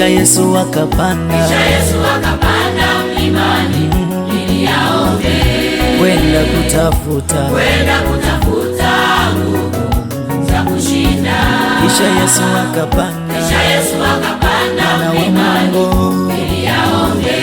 Kisha Yesu akapanda mlimani niliyaombe kwenda kutafuta Kisha Yesu akapanda mlimani niliyaombe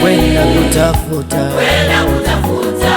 kwenda kutafuta nguvu za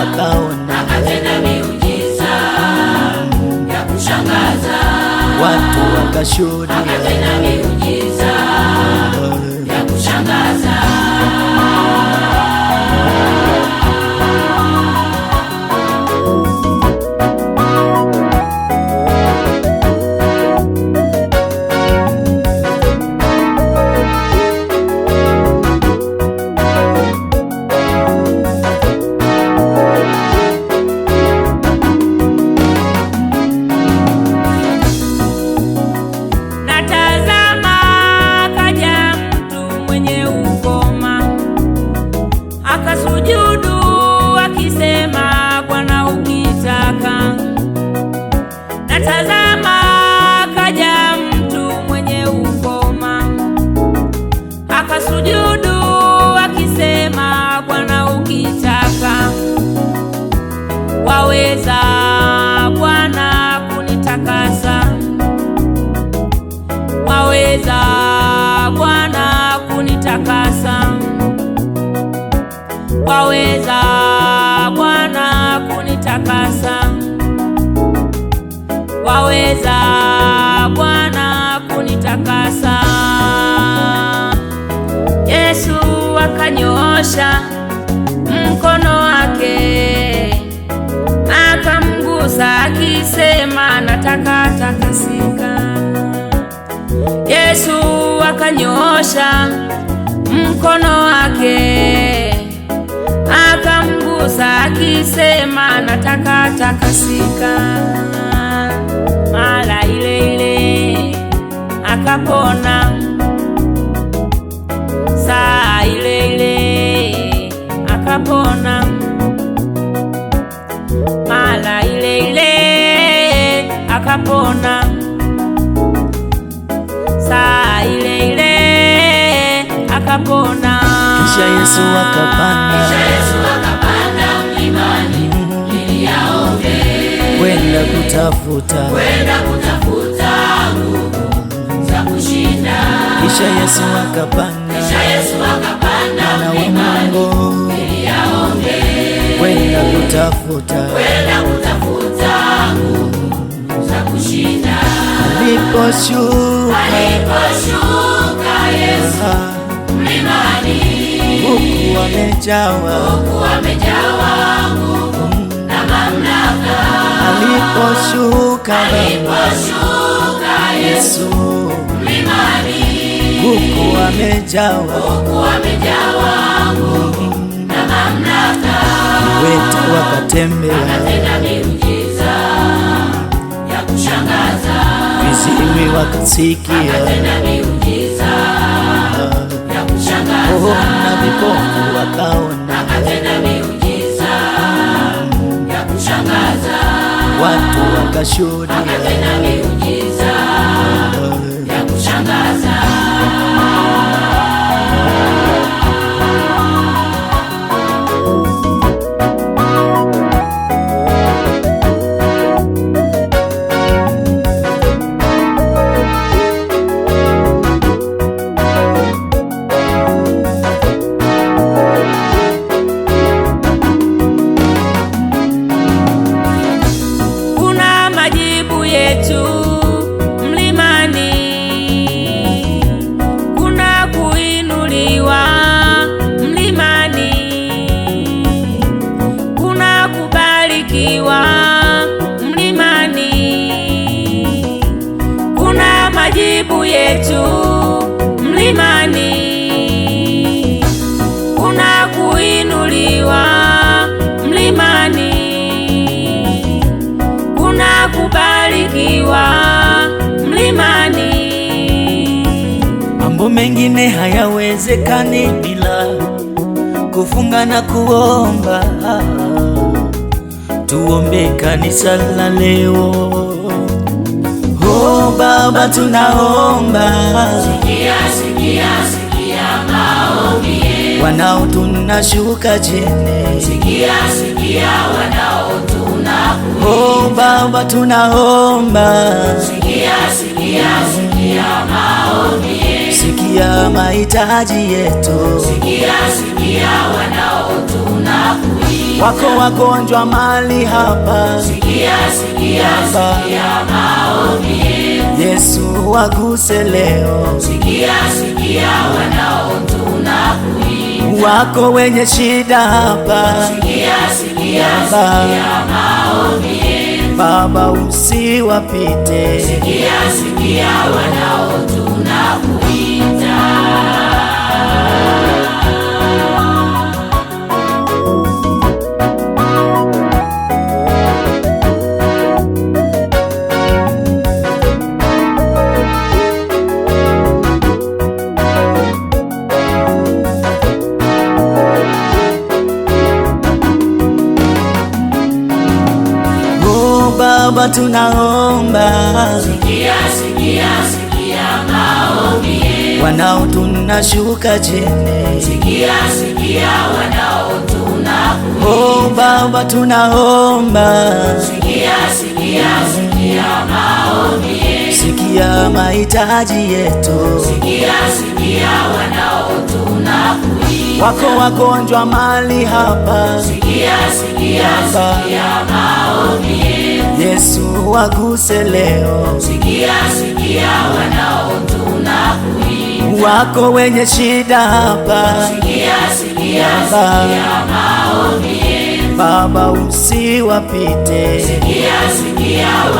wakaona, akatenda miujiza ya kushangaza, watu wakashuhudia uweza Bwana kunitakasa. Yesu akanyoosha mkono wake akamgusa akisema, nataka takasika. Yesu akanyoosha mkono wake akamgusa akisema, nataka takasika. akapona saa ile ile akapona mala ile ile akapona saa ile ile akapona. Kisha Yesu akapanda mlimani ili kwenda kutafuta kwenda kutafuta nguvu kushinda. Kisha Yesu akapanda, wana wa Mungu kwenda kutafuta Aliposhuka Yesu mlimani, huku amejawa Aliposhuka Yesu Mungu amejawa, Mungu amejawa nguvu na mamlaka. Viwete wakatembea, akatenda miujiza ya kushangaza. Viziwi wakasikia, akatenda miujiza ya kushangaza. Oh, na vipofu wakaona, akatenda miujiza ya kushangaza. Watu wakashuhudia, akatenda miujiza ya kushangaza. ah. haiwezekani bila kufunga na kuomba. Tuombe kanisa la leo. Oh Baba, tunaomba sikia, sikia, sikia maombi Wanao tunashuka chini, sikia, sikia wanao tunakuita. Oh Baba, tunaomba sikia, sikia, sikia maombi ya mahitaji yetu. Sikia, sikia wanaotunakulia, wako wagonjwa mali hapa. Sikia, sikia, sikia maombi Yesu waguse leo. Sikia, sikia wanaotunakulia, wako wenye shida hapa. Sikia, sikia, sikia maombi yetu. Baba usiwapite. Sikia, sikia wanaotunakulia Baba tunaomba, sikia, sikia, sikia maombi wanao tunashuka chini, sikia, sikia wanao tunakuja. Oh Baba tunaomba, sikia, sikia, sikia maombi, sikia mahitaji yetu, sikia, sikia wanao tunakuja. Wako wagonjwa mali hapa, sikia, sikia, sikia maombi Yesu waguse leo. Sikia, sikia wanaotuna kuita. Wako wenye shida hapa. Sikia, sikia, sikia maombi yetu. Baba usiwapite. Sikia, sikia